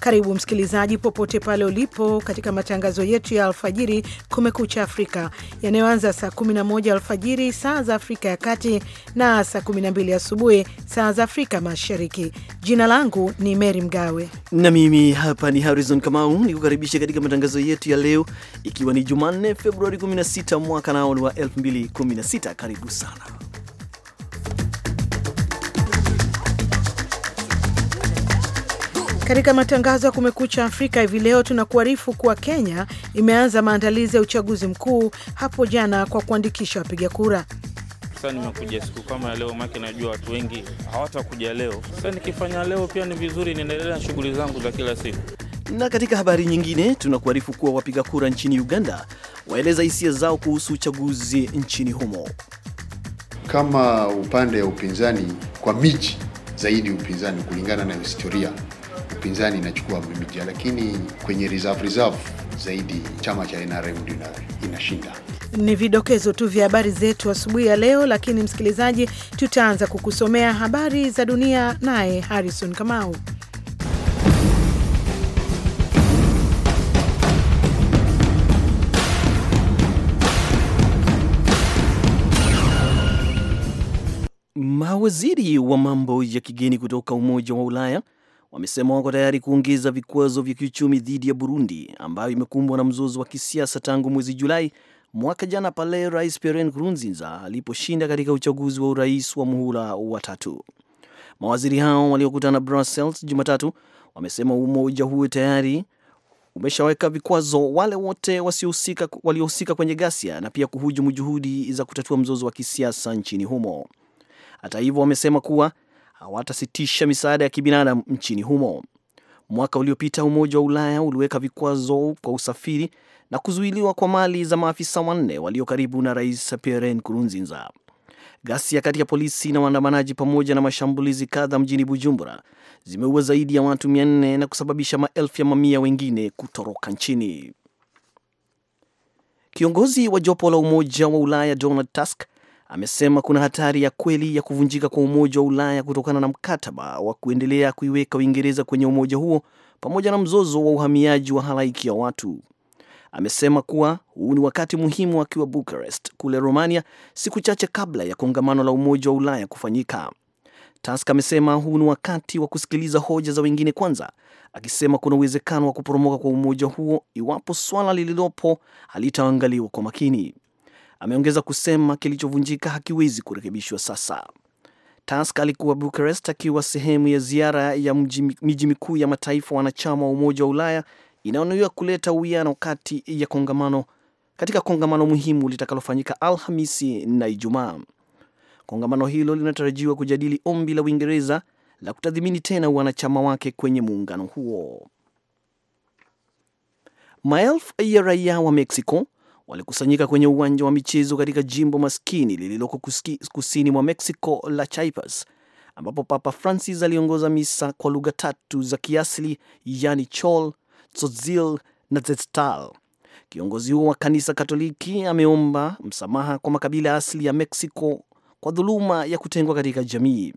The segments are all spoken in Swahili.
Karibu msikilizaji, popote pale ulipo, katika matangazo yetu ya alfajiri, Kumekucha Afrika, yanayoanza saa 11 alfajiri saa za Afrika ya Kati na saa 12 asubuhi saa za Afrika Mashariki. Jina langu ni Mary Mgawe na mimi hapa ni Harrison Kamau, nikukaribisha katika matangazo yetu ya leo, ikiwa ni Jumanne Februari 16 mwaka nao wa 2016. Karibu sana Katika matangazo ya Kumekucha Afrika hivi leo tunakuarifu kuwa Kenya imeanza maandalizi ya uchaguzi mkuu hapo jana kwa kuandikisha wapiga kura. Sasa nimekuja siku kama leo, make najua watu wengi hawatakuja leo. Sasa nikifanya leo pia ni vizuri, ninaendelea na shughuli zangu za kila siku. Na katika habari nyingine tunakuarifu kuwa wapiga kura nchini Uganda waeleza hisia zao kuhusu uchaguzi nchini humo. Kama upande wa upinzani kwa miji zaidi upinzani kulingana na historia upinzani inachukua mimitia, lakini kwenye reserve reserve zaidi chama cha NRM ndio inashinda. Ni vidokezo tu vya habari zetu asubuhi ya leo, lakini msikilizaji, tutaanza kukusomea habari za dunia naye Harrison Kamau. Mawaziri wa mambo ya kigeni kutoka Umoja wa Ulaya wamesema wako tayari kuongeza vikwazo vya kiuchumi dhidi ya Burundi ambayo imekumbwa na mzozo wa kisiasa tangu mwezi Julai mwaka jana pale Rais Pierre Nkurunziza aliposhinda katika uchaguzi wa urais wa muhula wa tatu. Mawaziri hao waliokutana Brussels Jumatatu wamesema umoja huo tayari umeshaweka vikwazo wale wote waliohusika kwenye ghasia na pia kuhujumu juhudi za kutatua mzozo wa kisiasa nchini humo. Hata hivyo, wamesema kuwa hawatasitisha misaada ya kibinadamu nchini humo. Mwaka uliopita Umoja wa Ulaya uliweka vikwazo kwa usafiri na kuzuiliwa kwa mali za maafisa wanne walio karibu na Rais Pierre Nkurunziza. Ghasia kati ya polisi na waandamanaji pamoja na mashambulizi kadha mjini Bujumbura zimeua zaidi ya watu mia nne na kusababisha maelfu ya mamia wengine kutoroka nchini. Kiongozi wa jopo la Umoja wa Ulaya Donald Tusk amesema kuna hatari ya kweli ya kuvunjika kwa Umoja wa Ulaya kutokana na mkataba wa kuendelea kuiweka Uingereza kwenye umoja huo pamoja na mzozo wa uhamiaji wa halaiki ya watu. Amesema kuwa huu ni wakati muhimu akiwa Bucharest kule Romania, siku chache kabla ya kongamano la Umoja wa Ulaya kufanyika. Tusk amesema huu ni wakati wa kusikiliza hoja za wengine kwanza, akisema kuna uwezekano wa kuporomoka kwa umoja huo iwapo swala lililopo halitaangaliwa kwa makini. Ameongeza kusema kilichovunjika hakiwezi kurekebishwa sasa. Tusk alikuwa Bucharest akiwa sehemu ya ziara ya miji mikuu ya mataifa wanachama wa Umoja wa Ulaya inayonuiwa kuleta uwiano kati ya kongamano katika kongamano muhimu litakalofanyika Alhamisi na Ijumaa. Kongamano hilo linatarajiwa kujadili ombi la Uingereza la kutathimini tena wanachama wake kwenye muungano huo. Maelfu ya raia wa Mexico walikusanyika kwenye uwanja wa michezo katika jimbo maskini lililoko kusini mwa Mexico la Chiapas, ambapo Papa Francis aliongoza misa kwa lugha tatu za kiasili, yani Chol, Tzotzil na Tzeltal. Kiongozi huo wa kanisa Katoliki ameomba msamaha kwa makabila asili ya Mexico kwa dhuluma ya kutengwa katika jamii.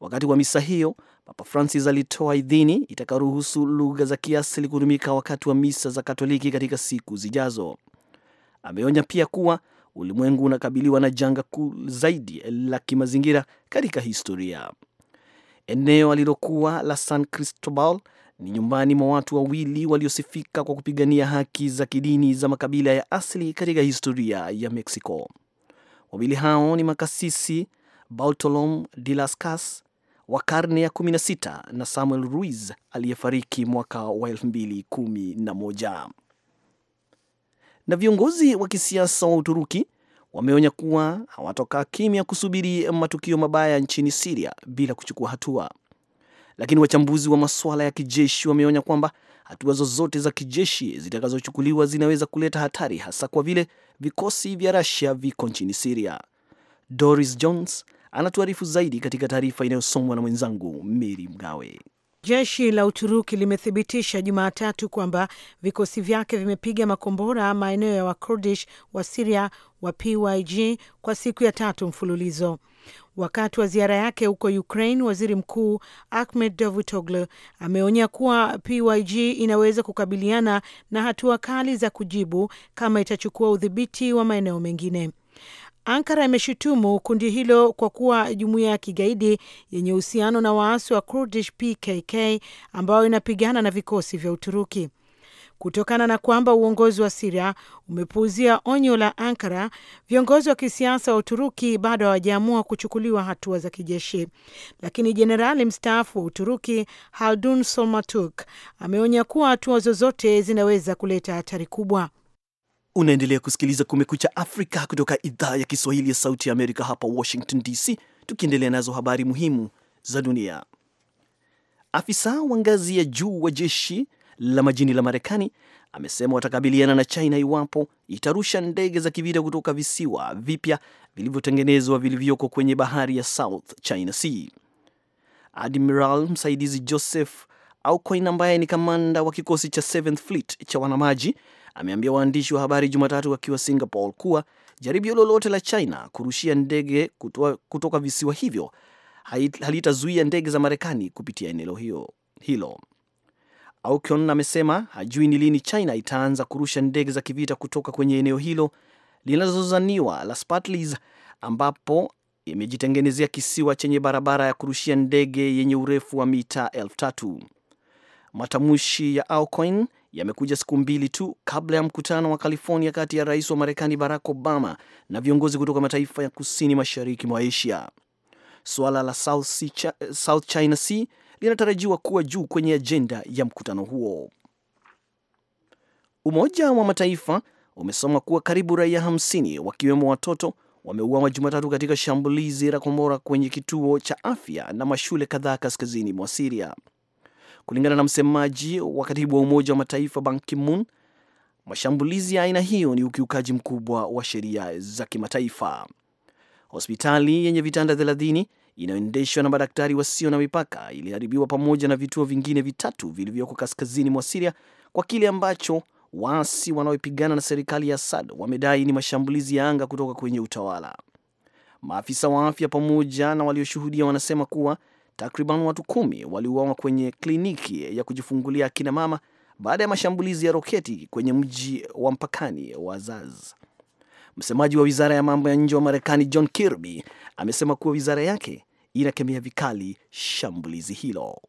Wakati wa misa hiyo, Papa Francis alitoa idhini itakaruhusu lugha za kiasili kutumika wakati wa misa za Katoliki katika siku zijazo. Ameonya pia kuwa ulimwengu unakabiliwa na janga kuu zaidi la kimazingira katika historia. Eneo alilokuwa la San Cristobal ni nyumbani mwa watu wawili waliosifika kwa kupigania haki za kidini za makabila ya asili katika historia ya Mexico. Wawili hao ni makasisi baltolom de las Casas wa karne ya 16 na Samuel Ruiz aliyefariki mwaka wa 2011 na viongozi wa kisiasa wa Uturuki wameonya kuwa hawatokaa kimya kusubiri matukio mabaya nchini Siria bila kuchukua hatua. Lakini wachambuzi wa masuala ya kijeshi wameonya kwamba hatua zozote za kijeshi zitakazochukuliwa zinaweza kuleta hatari, hasa kwa vile vikosi vya Russia viko nchini Siria. Doris Jones anatuarifu zaidi katika taarifa inayosomwa na mwenzangu Mary Mgawe. Jeshi la Uturuki limethibitisha Jumatatu kwamba vikosi vyake vimepiga makombora maeneo ya Wakurdish wa Siria wa PYG kwa siku ya tatu mfululizo. Wakati wa ziara yake huko Ukraine, waziri mkuu Ahmed Davutoglu ameonya kuwa PYG inaweza kukabiliana na hatua kali za kujibu kama itachukua udhibiti wa maeneo mengine. Ankara imeshutumu kundi hilo kwa kuwa jumuiya ya kigaidi yenye uhusiano na waasi wa Kurdish PKK ambayo inapigana na vikosi vya Uturuki kutokana na kwamba uongozi wa Siria umepuuzia onyo la Ankara, viongozi wa kisiasa wa Uturuki bado hawajaamua kuchukuliwa hatua za kijeshi. Lakini jenerali mstaafu wa Uturuki Haldun Solmatuk ameonya kuwa hatua zozote zinaweza kuleta hatari kubwa. Unaendelea kusikiliza Kumekucha Afrika kutoka idhaa ya Kiswahili ya Sauti ya Amerika hapa Washington DC, tukiendelea nazo habari muhimu za dunia. Afisa wa ngazi ya juu wa jeshi la majini la Marekani amesema watakabiliana na China iwapo itarusha ndege za kivita kutoka visiwa vipya vilivyotengenezwa vilivyoko kwenye bahari ya South China Sea. Admiral msaidizi Joseph Aucoin ambaye ni kamanda wa kikosi cha 7th Fleet cha wanamaji ameambia waandishi wa habari Jumatatu akiwa Singapore kuwa jaribio lolote la China kurushia ndege kutoa, kutoka visiwa hivyo halitazuia ndege za Marekani kupitia eneo hilo. Aukon amesema hajui ni lini China itaanza kurusha ndege za kivita kutoka kwenye eneo hilo linalozozaniwa la Spratleys ambapo imejitengenezea kisiwa chenye barabara ya kurushia ndege yenye urefu wa mita elfu tatu. Matamushi ya Aucoin yamekuja siku mbili tu kabla ya mkutano wa California kati ya rais wa Marekani Barack Obama na viongozi kutoka mataifa ya kusini mashariki mwa Asia. Suala la South, Sea, South China Sea linatarajiwa kuwa juu kwenye ajenda ya mkutano huo. Umoja wa Mataifa umesoma kuwa karibu raia hamsini wakiwemo watoto wameuawa Jumatatu katika shambulizi la kombora kwenye kituo cha afya na mashule kadhaa kaskazini mwa Siria. Kulingana na msemaji wa katibu wa Umoja wa Mataifa Ban Ki-moon, mashambulizi ya aina hiyo ni ukiukaji mkubwa wa sheria za kimataifa. Hospitali yenye vitanda 30 inayoendeshwa na madaktari wasio na mipaka iliharibiwa pamoja na vituo vingine vitatu vilivyoko kaskazini mwa Siria kwa kile ambacho waasi wanaopigana na serikali ya Assad wamedai ni mashambulizi ya anga kutoka kwenye utawala. Maafisa wa afya pamoja na walioshuhudia wanasema kuwa Takriban watu kumi waliuawa kwenye kliniki ya kujifungulia akina mama baada ya mashambulizi ya roketi kwenye mji wa mpakani wa Zaz. Msemaji wa wizara ya mambo ya nje wa Marekani John Kirby amesema kuwa wizara yake inakemea vikali shambulizi hilo.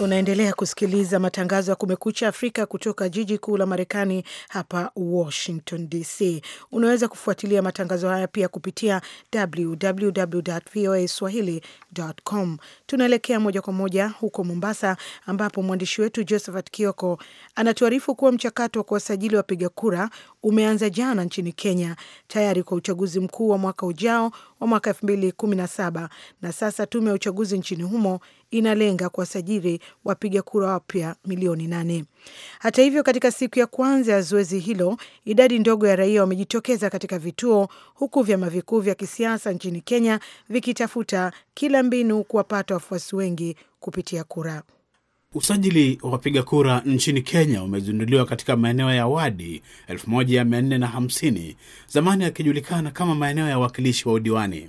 Unaendelea kusikiliza matangazo ya Kumekucha Afrika kutoka jiji kuu la Marekani, hapa Washington DC. Unaweza kufuatilia matangazo haya pia kupitia www voa swahili.com. Tunaelekea moja kwa moja huko Mombasa, ambapo mwandishi wetu Josephat Kioko anatuarifu kuwa mchakato wa kuwasajili wapiga kura umeanza jana nchini Kenya, tayari kwa uchaguzi mkuu wa mwaka ujao wa mwaka elfu mbili kumi na saba na sasa tume ya uchaguzi nchini humo inalenga kuwasajili wapiga kura wapya milioni nane. Hata hivyo, katika siku ya kwanza ya zoezi hilo, idadi ndogo ya raia wamejitokeza katika vituo, huku vyama vikuu vya kisiasa nchini Kenya vikitafuta kila mbinu kuwapata wafuasi wengi kupitia kura. Usajili wa wapiga kura nchini Kenya umezinduliwa katika maeneo ya wadi 1450 zamani yakijulikana kama maeneo ya wakilishi wa udiwani.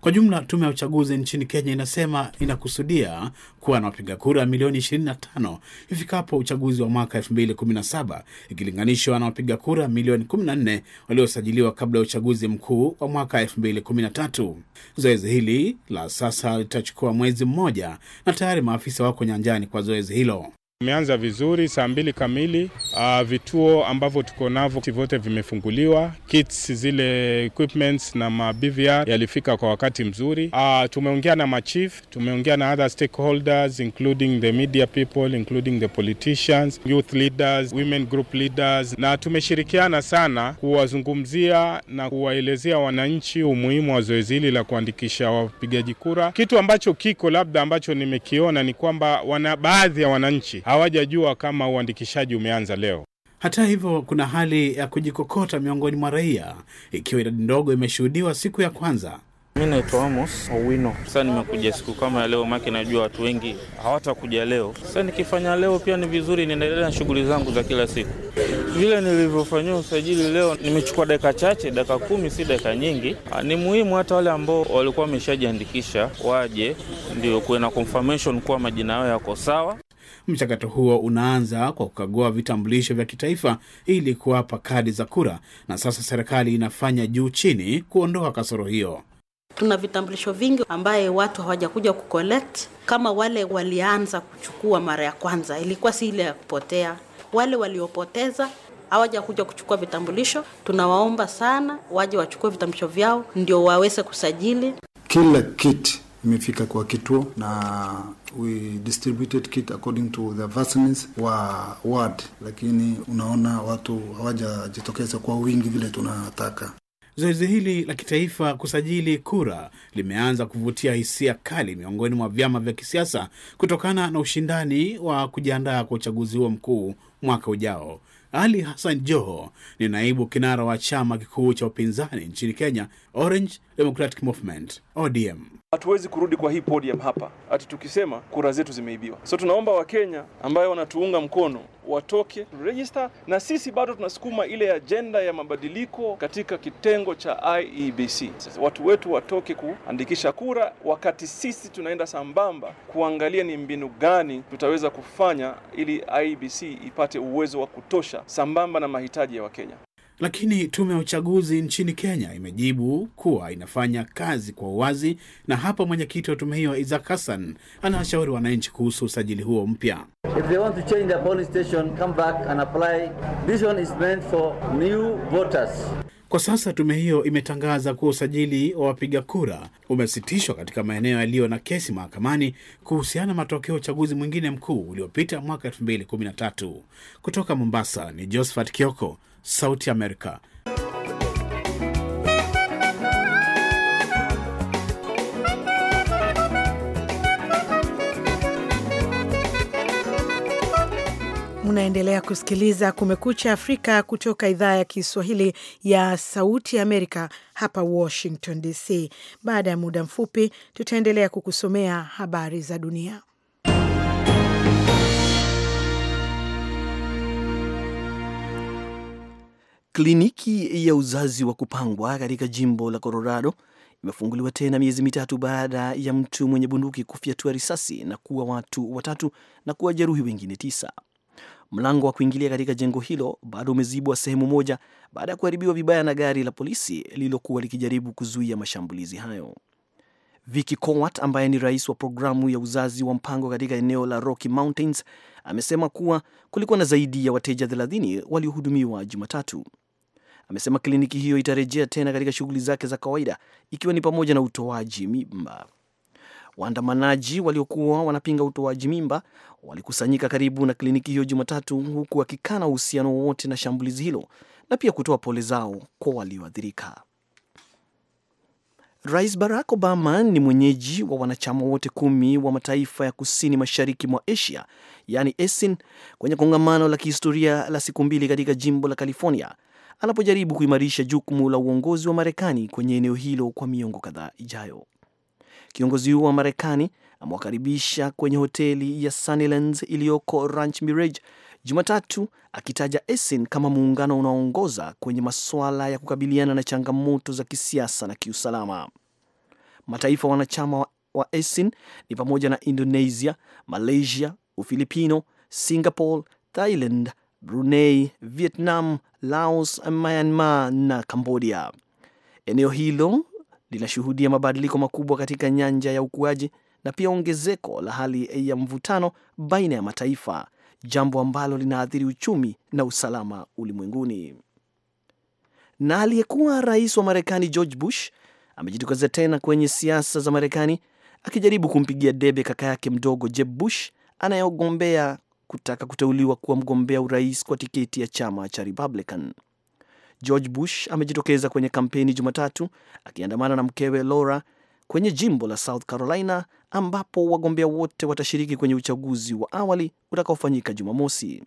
Kwa jumla, tume ya uchaguzi nchini Kenya inasema inakusudia kuwa na wapiga kura milioni 25 ifikapo uchaguzi wa mwaka 2017 ikilinganishwa na wapiga kura milioni 14 waliosajiliwa kabla ya uchaguzi mkuu wa mwaka 2013. Zoezi hili la sasa litachukua mwezi mmoja na tayari maafisa wako nyanjani kwa zoezi hilo. Tumeanza vizuri saa mbili kamili. Uh, vituo ambavyo tuko navyo vyote vimefunguliwa. Kits zile equipments na ma BVR yalifika kwa wakati mzuri. Uh, tumeongea na machief, tumeongea na other stakeholders including the media people, including the politicians, youth leaders, women group leaders na tumeshirikiana sana kuwazungumzia na kuwaelezea wananchi umuhimu wa zoezi hili la kuandikisha wapigaji kura. Kitu ambacho kiko labda ambacho nimekiona ni kwamba wana baadhi ya wananchi hawajajua kama uandikishaji umeanza leo. Hata hivyo kuna hali ya kujikokota miongoni mwa raia, ikiwa idadi ndogo imeshuhudiwa siku ya kwanza. Mi naitwa Amos Owino. sa nimekuja siku kama ya leo, make najua watu wengi hawatakuja leo. sa nikifanya leo pia ni vizuri, niendelea na shughuli zangu za kila siku. Vile nilivyofanyia usajili leo, nimechukua dakika chache, dakika kumi, si dakika nyingi. Ah, ni muhimu hata wale ambao walikuwa wameshajiandikisha waje, ndio kuwe na confirmation kuwa majina yao yako sawa. Mchakato huo unaanza kwa kukagua vitambulisho vya kitaifa ili kuwapa kadi za kura, na sasa serikali inafanya juu chini kuondoa kasoro hiyo. Tuna vitambulisho vingi ambaye watu hawajakuja kucollect, kama wale walianza kuchukua mara ya kwanza, ilikuwa si ile ya kupotea. Wale waliopoteza hawajakuja kuchukua vitambulisho, tunawaomba sana waje wachukue vitambulisho vyao ndio waweze kusajili kila kiti imefika kwa kituo na we distributed kit according to the wa ward, lakini unaona watu hawajajitokeza kwa wingi vile tunataka. Zoezi hili la kitaifa kusajili kura limeanza kuvutia hisia kali miongoni mwa vyama vya kisiasa kutokana na ushindani wa kujiandaa kwa uchaguzi huo mkuu mwaka ujao. Ali Hassan Joho ni naibu kinara wa chama kikuu cha upinzani nchini Kenya, Orange Democratic Movement ODM. Hatuwezi kurudi kwa hii podium hapa ati tukisema kura zetu zimeibiwa. So tunaomba Wakenya ambayo wanatuunga mkono watoke register, na sisi bado tunasukuma ile ajenda ya mabadiliko katika kitengo cha IEBC. watu wetu watoke kuandikisha kura, wakati sisi tunaenda sambamba kuangalia ni mbinu gani tutaweza kufanya ili IEBC ipate uwezo wa kutosha sambamba na mahitaji ya Wakenya. Lakini tume ya uchaguzi nchini Kenya imejibu kuwa inafanya kazi kwa uwazi, na hapa mwenyekiti wa tume hiyo Isaac Hassan anawashauri wananchi kuhusu usajili huo mpya. Kwa sasa tume hiyo imetangaza kuwa usajili wa wapiga kura umesitishwa katika maeneo yaliyo na kesi mahakamani kuhusiana na matokeo ya uchaguzi mwingine mkuu uliopita mwaka 2013. Kutoka Mombasa ni Josephat Kioko. Sauti Amerika. Unaendelea kusikiliza Kumekucha Afrika kutoka idhaa ya Kiswahili ya Sauti Amerika hapa Washington DC. Baada ya muda mfupi, tutaendelea kukusomea habari za dunia. Kliniki ya uzazi wa kupangwa katika jimbo la Colorado imefunguliwa tena miezi mitatu baada ya mtu mwenye bunduki kufyatua risasi na kuwa watu watatu na kuwajeruhi wengine tisa. Mlango wa kuingilia katika jengo hilo bado umezibwa sehemu moja baada ya kuharibiwa vibaya na gari la polisi lililokuwa likijaribu kuzuia mashambulizi hayo. Vicky Cowart ambaye ni rais wa programu ya uzazi wa mpango katika eneo la Rocky Mountains amesema kuwa kulikuwa na zaidi ya wateja 30 waliohudumiwa Jumatatu amesema kliniki hiyo itarejea tena katika shughuli zake za kawaida ikiwa ni pamoja na utoaji mimba. Waandamanaji waliokuwa wanapinga utoaji mimba walikusanyika karibu na kliniki hiyo Jumatatu, huku wakikana uhusiano wowote na shambulizi hilo na pia kutoa pole zao kwa walioathirika. Rais Barack Obama ni mwenyeji wa wanachama wote kumi wa mataifa ya kusini mashariki mwa Asia, yaani ASEAN, kwenye kongamano la kihistoria la siku mbili katika jimbo la California anapojaribu kuimarisha jukumu la uongozi wa Marekani kwenye eneo hilo kwa miongo kadhaa ijayo. Kiongozi huo wa Marekani amewakaribisha kwenye hoteli ya Sunnylands iliyoko Ranch Mirage Jumatatu, akitaja ASEAN kama muungano unaoongoza kwenye masuala ya kukabiliana na changamoto za kisiasa na kiusalama. Mataifa wanachama wa ASEAN ni pamoja na Indonesia, Malaysia, Ufilipino, Singapore, Thailand, Brunei, Vietnam, Laos, Myanmar na Cambodia. Eneo hilo linashuhudia mabadiliko makubwa katika nyanja ya ukuaji na pia ongezeko la hali ya mvutano baina ya mataifa, jambo ambalo linaathiri uchumi na usalama ulimwenguni. Na aliyekuwa rais wa Marekani George Bush amejitokeza tena kwenye siasa za Marekani akijaribu kumpigia debe kaka yake mdogo Jeb Bush anayegombea kutaka kuteuliwa kuwa mgombea urais kwa tiketi ya chama cha Republican. George Bush amejitokeza kwenye kampeni Jumatatu akiandamana na mkewe Laura kwenye jimbo la South Carolina ambapo wagombea wote watashiriki kwenye uchaguzi wa awali utakaofanyika Jumamosi.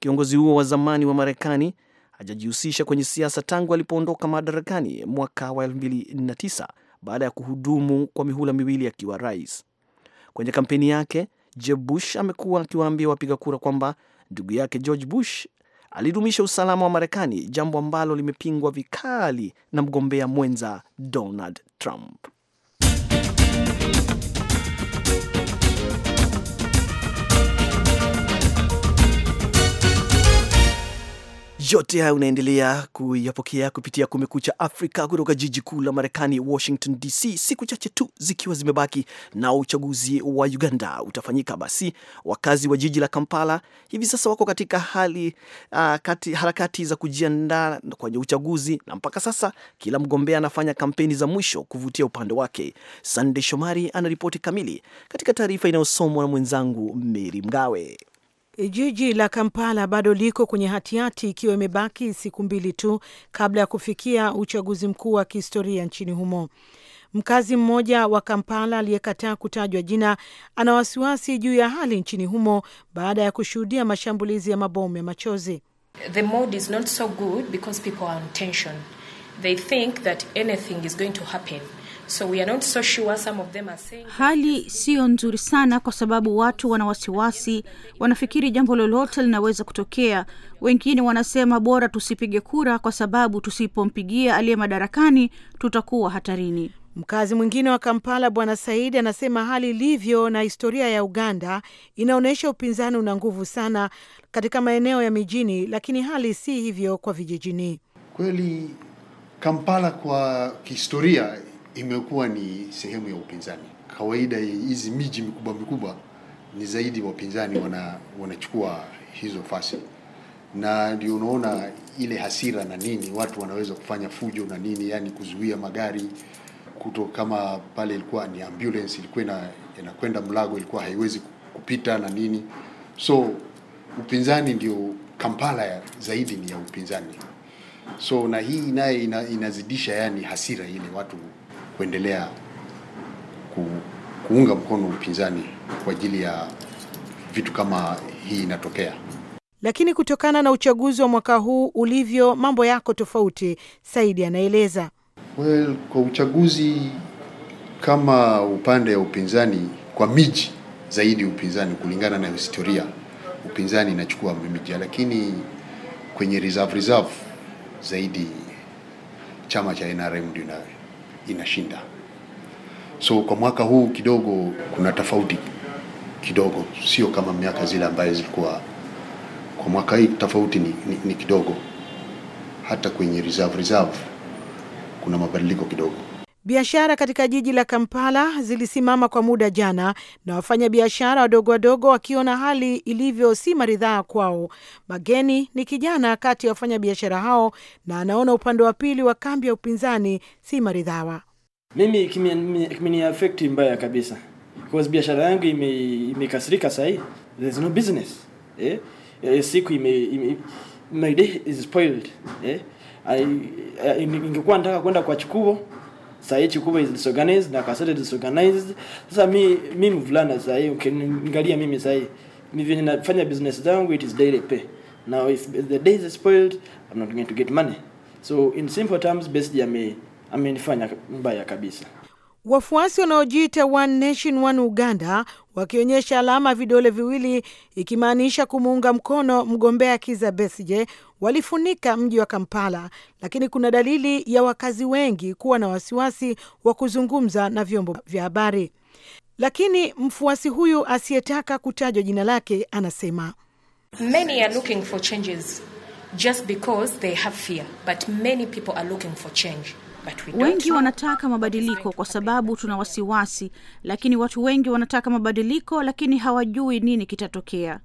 Kiongozi huo wa zamani wa Marekani hajajihusisha kwenye siasa tangu alipoondoka madarakani mwaka wa 2009 baada ya kuhudumu kwa mihula miwili akiwa rais. Kwenye kampeni yake Jeb Bush amekuwa akiwaambia wapiga kura kwamba ndugu yake George Bush alidumisha usalama wa Marekani, jambo ambalo limepingwa vikali na mgombea mwenza Donald Trump. Yote haya unaendelea kuyapokea kupitia Kumekucha Afrika kutoka jiji kuu la Marekani, Washington DC, siku chache tu zikiwa zimebaki na uchaguzi wa Uganda utafanyika. Basi wakazi wa jiji la Kampala hivi sasa wako katika hali uh, kati, harakati za kujiandaa kwenye uchaguzi, na mpaka sasa kila mgombea anafanya kampeni za mwisho kuvutia upande wake. Sandey Shomari anaripoti kamili katika taarifa inayosomwa na mwenzangu Meri Mgawe. Jiji la Kampala bado liko kwenye hatihati ikiwa imebaki siku mbili tu kabla ya kufikia uchaguzi mkuu wa kihistoria nchini humo. Mkazi mmoja wa Kampala aliyekataa kutajwa jina ana wasiwasi juu ya hali nchini humo baada ya kushuhudia mashambulizi ya mabomu ya machozi. So we are not so sure. Some of them are saying... Hali siyo nzuri sana kwa sababu watu wana wasiwasi, wanafikiri jambo lolote linaweza kutokea. Wengine wanasema bora tusipige kura kwa sababu tusipompigia aliye madarakani tutakuwa hatarini. Mkazi mwingine wa Kampala Bwana Saidi anasema hali ilivyo na historia ya Uganda inaonyesha upinzani una nguvu sana katika maeneo ya mijini, lakini hali si hivyo kwa vijijini. Kweli Kampala kwa kihistoria imekuwa ni sehemu ya upinzani. Kawaida hizi miji mikubwa mikubwa ni zaidi wapinzani wana, wanachukua hizo fasi na ndio unaona ile hasira na nini, watu wanaweza kufanya fujo na nini, yani kuzuia magari kuto, kama pale ilikuwa ni ambulance ilikuwa inakwenda Mlago ilikuwa haiwezi kupita na nini, so upinzani ndio Kampala ya, zaidi ni ya upinzani so na hii naye inazidisha yani hasira ile watu kuendelea kuunga mkono upinzani kwa ajili ya vitu kama hii inatokea. Lakini kutokana na uchaguzi wa mwaka huu ulivyo, mambo yako tofauti. Saidi anaeleza. Well, kwa uchaguzi kama upande wa upinzani kwa miji zaidi, upinzani kulingana na historia, upinzani inachukua miji, lakini kwenye reserve reserve zaidi chama cha NRM ndio nayo inashinda. So kwa mwaka huu kidogo kuna tofauti kidogo, sio kama miaka zile ambayo zilikuwa. Kwa mwaka hii tofauti ni, ni, ni kidogo. Hata kwenye reserve reserve kuna mabadiliko kidogo. Biashara katika jiji la Kampala zilisimama kwa muda jana, na wafanyabiashara wadogo wadogo wakiona hali ilivyo si maridhaa kwao. Mageni ni kijana kati ya wafanyabiashara hao, na anaona upande wa pili wa kambi ya upinzani si maridhawa. Mimi kimeniafekti mbaya kabisa, kwa biashara yangu imekasirika ime sahii, there's no business eh? eh? siku ime, ime, my day is spoiled eh? ingekuwa nataka kwenda kwa chukuo sahii Chikuba is disorganized na Kasete disorganized. Sasa mi mi mvulana sahii ukiangalia mimi sahii mimi ninafanya business zangu it is daily pay. Now if the day is spoiled I'm not going to get money. So in simple terms, Best ame amenifanya mbaya kabisa. Wafuasi wanaojiita One Nation One Uganda wakionyesha alama vidole viwili ikimaanisha kumuunga mkono mgombea Kizza Besigye walifunika mji wa Kampala, lakini kuna dalili ya wakazi wengi kuwa na wasiwasi wa kuzungumza na vyombo vya habari. Lakini mfuasi huyu asiyetaka kutajwa jina lake anasema many are looking for changes just because they have fear but many people are looking for change Wengi wanataka mabadiliko kwa sababu tuna wasiwasi, lakini watu wengi wanataka mabadiliko, lakini hawajui nini kitatokea.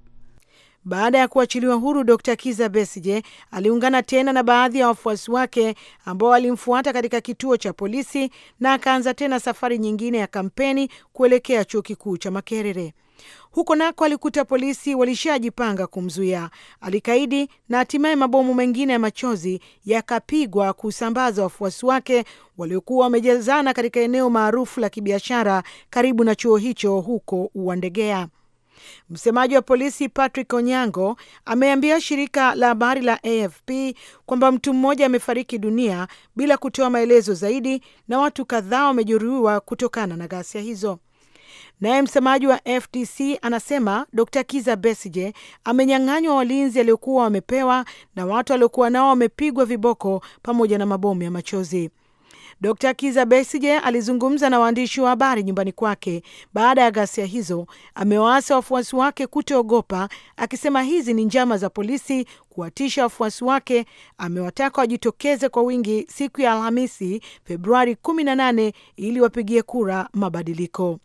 Baada ya kuachiliwa huru, Dr Kiza Besije aliungana tena na baadhi ya wafuasi wake ambao walimfuata katika kituo cha polisi na akaanza tena safari nyingine ya kampeni kuelekea chuo kikuu cha Makerere. Huko nako alikuta polisi walishajipanga kumzuia, alikaidi na hatimaye mabomu mengine ya machozi yakapigwa kusambaza wafuasi wake waliokuwa wamejazana katika eneo maarufu la kibiashara karibu na chuo hicho huko Uwandegea. Msemaji wa polisi Patrick Onyango ameambia shirika la habari la AFP kwamba mtu mmoja amefariki dunia bila kutoa maelezo zaidi na watu kadhaa wamejeruhiwa kutokana na ghasia hizo. Naye msemaji wa FDC anasema Dr Kiza besije amenyang'anywa walinzi aliokuwa wamepewa na watu waliokuwa nao wamepigwa viboko pamoja na mabomu ya machozi. Dr Kiza besije alizungumza na waandishi wa habari nyumbani kwake baada ya ghasia hizo. Amewaasa wafuasi wake kutoogopa, akisema hizi ni njama za polisi kuwatisha wafuasi wake. Amewataka wajitokeze kwa wingi siku ya Alhamisi, Februari 18 ili wapigie kura mabadiliko.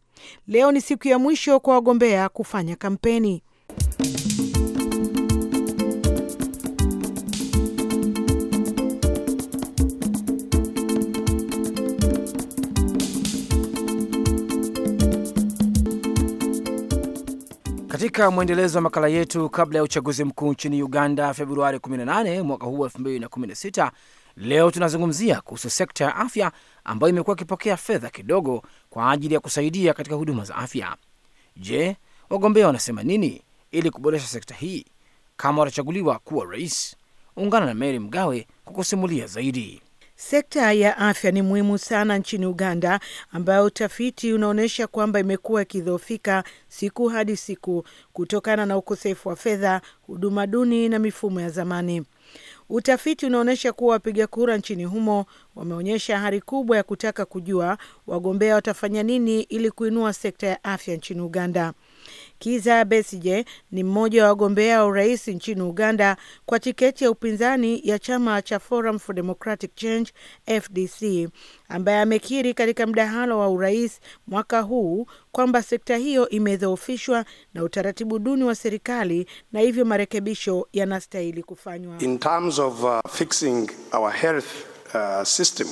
Leo ni siku ya mwisho kwa wagombea kufanya kampeni. Katika mwendelezo wa makala yetu kabla ya uchaguzi mkuu nchini Uganda Februari 18 mwaka huu 2016 Leo tunazungumzia kuhusu sekta ya afya ambayo imekuwa ikipokea fedha kidogo kwa ajili ya kusaidia katika huduma za afya. Je, wagombea wanasema nini ili kuboresha sekta hii kama watachaguliwa kuwa rais? Ungana na Mary Mgawe kukusimulia zaidi. Sekta ya afya ni muhimu sana nchini Uganda, ambayo utafiti unaonyesha kwamba imekuwa ikidhoofika siku hadi siku kutokana na ukosefu wa fedha, huduma duni na mifumo ya zamani. Utafiti unaonyesha kuwa wapiga kura nchini humo wameonyesha hari kubwa ya kutaka kujua wagombea watafanya nini ili kuinua sekta ya afya nchini Uganda. Kiza Besije ni mmoja wa wagombea wa urais nchini Uganda kwa tiketi ya upinzani ya chama cha Forum for Democratic Change FDC, ambaye amekiri katika mdahalo wa urais mwaka huu kwamba sekta hiyo imedhoofishwa na utaratibu duni wa serikali na hivyo marekebisho yanastahili kufanywa. In terms of uh, fixing our health uh, system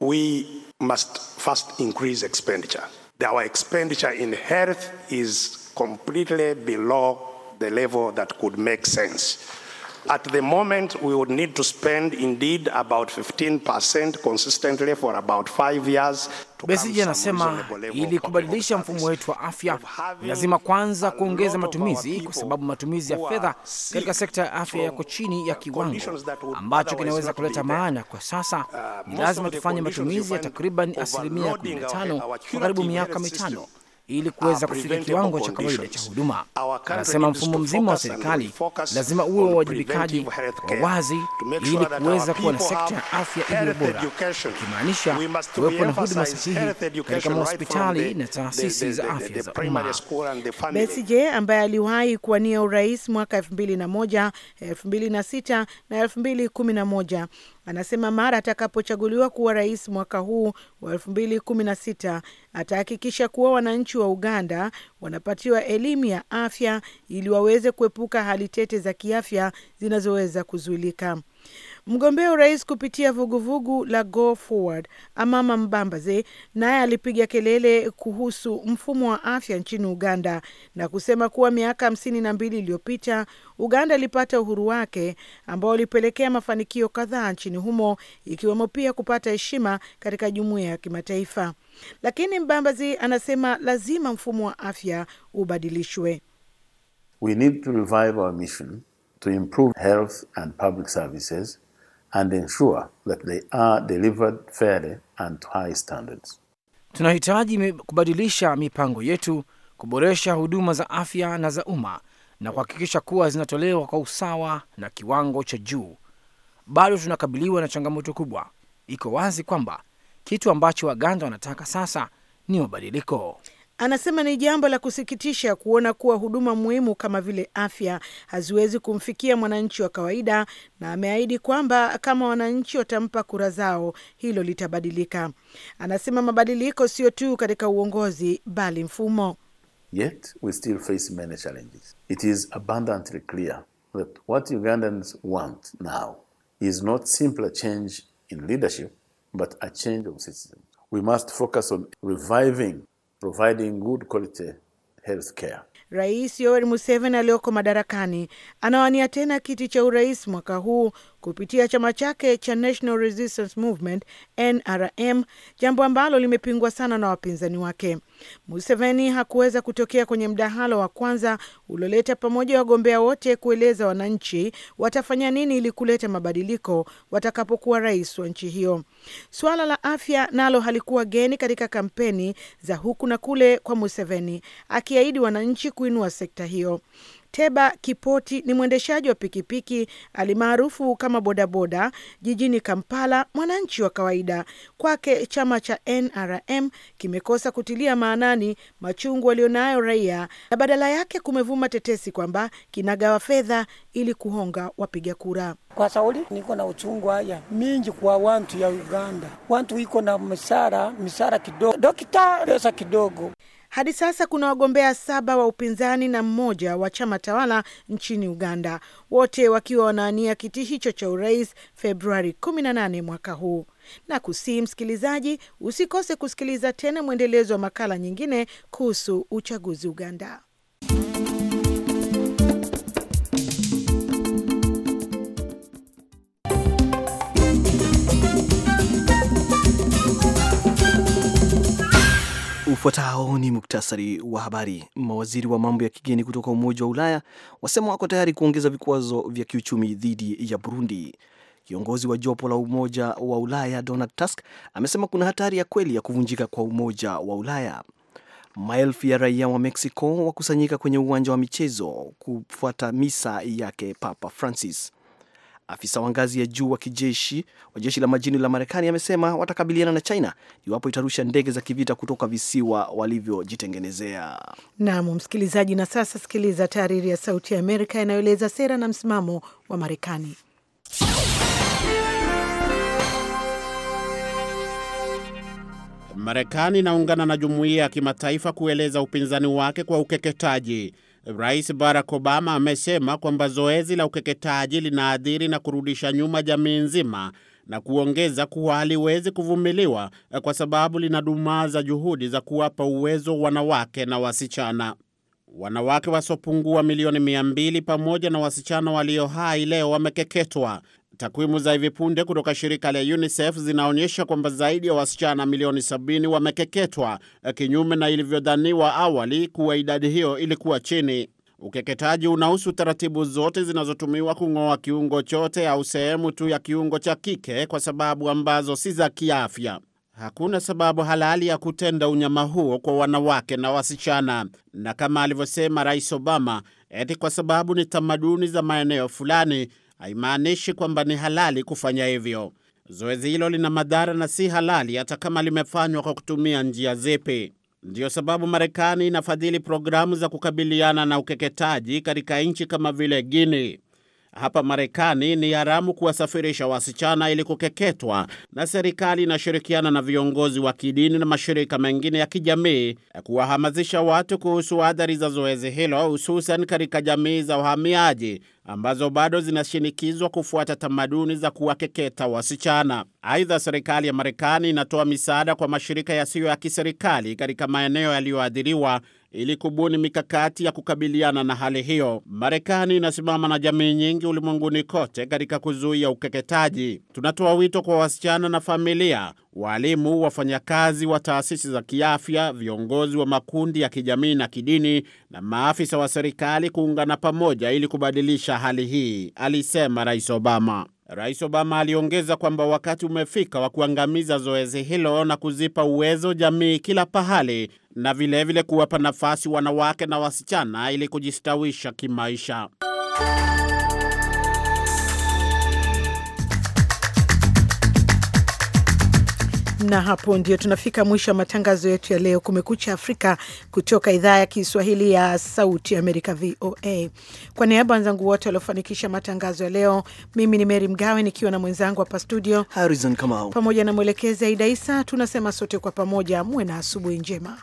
we must first increase expenditure. Our expenditure in health is completely below the level that could make sense. At the moment, we would need to spend indeed about 15% consistently for about five years. Besigye anasema ili kubadilisha mfumo wetu wa afya lazima kwanza kuongeza matumizi, kwa sababu matumizi ya fedha katika sekta ya afya yako chini ya kiwango ambacho kinaweza kuleta maana. Kwa sasa uh, ni lazima tufanye matumizi ya takriban asilimia 15 kwa karibu miaka mitano ili kuweza ah, kufikia kiwango cha kawaida cha huduma. Anasema mfumo mzima wa serikali lazima uwe wa uwajibikaji wa wazi ili kuweza kuwa na sekta ya afya iliyo bora, ikimaanisha kuwepo na huduma sahihi katika mahospitali na taasisi za afya za umma. Besigye ambaye aliwahi kuwania urais mwaka elfu mbili na moja, elfu mbili na sita na elfu mbili kumi na moja anasema mara atakapochaguliwa kuwa rais mwaka huu wa sita atahakikisha kuwa wananchi wa Uganda wanapatiwa elimu ya afya ili waweze kuepuka hali tete za kiafya zinazoweza kuzuilika. Mgombea urais kupitia vuguvugu vugu la Go Forward Amama Mbambaze naye alipiga kelele kuhusu mfumo wa afya nchini Uganda na kusema kuwa miaka hamsini na mbili iliyopita Uganda ilipata uhuru wake ambao ulipelekea mafanikio kadhaa nchini humo ikiwemo pia kupata heshima katika jumuiya ya kimataifa. Lakini Mbambazi anasema lazima mfumo wa afya ubadilishwe. We need to revive our mission to improve health and public services and ensure that they are delivered fairly and to high standards. Tunahitaji kubadilisha mipango yetu, kuboresha huduma za afya na za umma na kuhakikisha kuwa zinatolewa kwa usawa na kiwango cha juu. Bado tunakabiliwa na changamoto kubwa. Iko wazi kwamba kitu ambacho Waganda wanataka sasa ni mabadiliko. Anasema ni jambo la kusikitisha kuona kuwa huduma muhimu kama vile afya haziwezi kumfikia mwananchi wa kawaida, na ameahidi kwamba kama wananchi watampa kura zao hilo litabadilika. Anasema mabadiliko sio tu katika uongozi bali mfumo. Yet we still face many challenges. It is abundantly clear that what Ugandans want now is not simply a change in leadership but a change of system. We must focus on reviving providing good quality health care. Rais Yoweri Museveni aliyoko madarakani anawania tena kiti cha urais mwaka huu kupitia chama chake cha National Resistance Movement NRM, jambo ambalo limepingwa sana na wapinzani wake. Museveni hakuweza kutokea kwenye mdahalo wa kwanza ulioleta pamoja wagombea wote kueleza wananchi watafanya nini ili kuleta mabadiliko watakapokuwa rais wa nchi hiyo. Suala la afya nalo halikuwa geni katika kampeni za huku na kule kwa Museveni, akiahidi wananchi kuinua sekta hiyo. Teba Kipoti ni mwendeshaji wa pikipiki alimaarufu kama bodaboda jijini Kampala, mwananchi wa kawaida. Kwake chama cha NRM kimekosa kutilia maanani machungu alionayo raia na badala yake kumevuma tetesi kwamba kinagawa fedha ili kuhonga wapiga kura. Kwa sauli niko na uchungu haya mingi kwa wantu ya Uganda, wantu iko na misara misara kidogo, dokita pesa kidogo hadi sasa kuna wagombea saba wa upinzani na mmoja wa chama tawala nchini Uganda, wote wakiwa wanaania kiti hicho cha urais Februari 18 mwaka huu. Na kusihi msikilizaji, usikose kusikiliza tena mwendelezo wa makala nyingine kuhusu uchaguzi Uganda. Ufuatao ni muktasari wa habari. Mawaziri wa mambo ya kigeni kutoka Umoja wa Ulaya wasema wako tayari kuongeza vikwazo vya kiuchumi dhidi ya Burundi. Kiongozi wa jopo la Umoja wa Ulaya Donald Tusk amesema kuna hatari ya kweli ya kuvunjika kwa Umoja wa Ulaya. Maelfu ya raia wa Mexico wakusanyika kwenye uwanja wa michezo kufuata misa yake Papa Francis. Afisa wa ngazi ya juu wa kijeshi wa jeshi la majini la Marekani amesema watakabiliana na China iwapo itarusha ndege za kivita kutoka visiwa walivyojitengenezea. Nam msikilizaji, na sasa sikiliza taariri ya Sauti ya Amerika inayoeleza sera na msimamo wa Marekani. Marekani inaungana na jumuiya ya kimataifa kueleza upinzani wake kwa ukeketaji Rais Barack Obama amesema kwamba zoezi la ukeketaji linaadhiri na kurudisha nyuma jamii nzima na kuongeza kuwa haliwezi kuvumiliwa eh, kwa sababu linadumaza juhudi za kuwapa uwezo wanawake na wasichana. Wanawake wasiopungua milioni mia mbili pamoja na wasichana walio hai leo wamekeketwa Takwimu za hivi punde kutoka shirika la UNICEF zinaonyesha kwamba zaidi ya wasichana milioni 70 wamekeketwa, kinyume na ilivyodhaniwa awali kuwa idadi hiyo ilikuwa chini. Ukeketaji unahusu taratibu zote zinazotumiwa kung'oa kiungo chote au sehemu tu ya kiungo cha kike kwa sababu ambazo si za kiafya. Hakuna sababu halali ya kutenda unyama huo kwa wanawake na wasichana, na kama alivyosema Rais Obama, eti kwa sababu ni tamaduni za maeneo fulani haimaanishi kwamba ni halali kufanya hivyo. Zoezi hilo lina madhara na si halali hata kama limefanywa kwa kutumia njia zipi. Ndiyo sababu Marekani inafadhili programu za kukabiliana na ukeketaji katika nchi kama vile Guinea. Hapa Marekani ni haramu kuwasafirisha wasichana ili kukeketwa, na serikali inashirikiana na viongozi wa kidini na mashirika mengine ya kijamii kuwahamasisha watu kuhusu adhari za zoezi hilo, hususan katika jamii za wahamiaji ambazo bado zinashinikizwa kufuata tamaduni za kuwakeketa wasichana. Aidha, serikali ya Marekani inatoa misaada kwa mashirika yasiyo ya kiserikali katika maeneo yaliyoathiriwa ili kubuni mikakati ya kukabiliana na hali hiyo. Marekani inasimama na jamii nyingi ulimwenguni kote katika kuzuia ukeketaji. Tunatoa wito kwa wasichana na familia, waalimu, wafanyakazi wa taasisi za kiafya, viongozi wa makundi ya kijamii na kidini na maafisa wa serikali kuungana pamoja ili kubadilisha hali hii, alisema Rais Obama. Rais Obama aliongeza kwamba wakati umefika wa kuangamiza zoezi hilo na kuzipa uwezo jamii kila pahali na vilevile kuwapa nafasi wanawake na wasichana ili kujistawisha kimaisha. Na hapo ndio tunafika mwisho wa matangazo yetu ya leo, Kumekucha Afrika, kutoka idhaa ya Kiswahili ya Sauti Amerika, VOA. Kwa niaba wenzangu wote waliofanikisha matangazo ya leo, mimi ni Meri Mgawe nikiwa na mwenzangu hapa studio Harrison Kamau pamoja na mwelekezi Aida Isa, tunasema sote kwa pamoja muwe na asubuhi njema.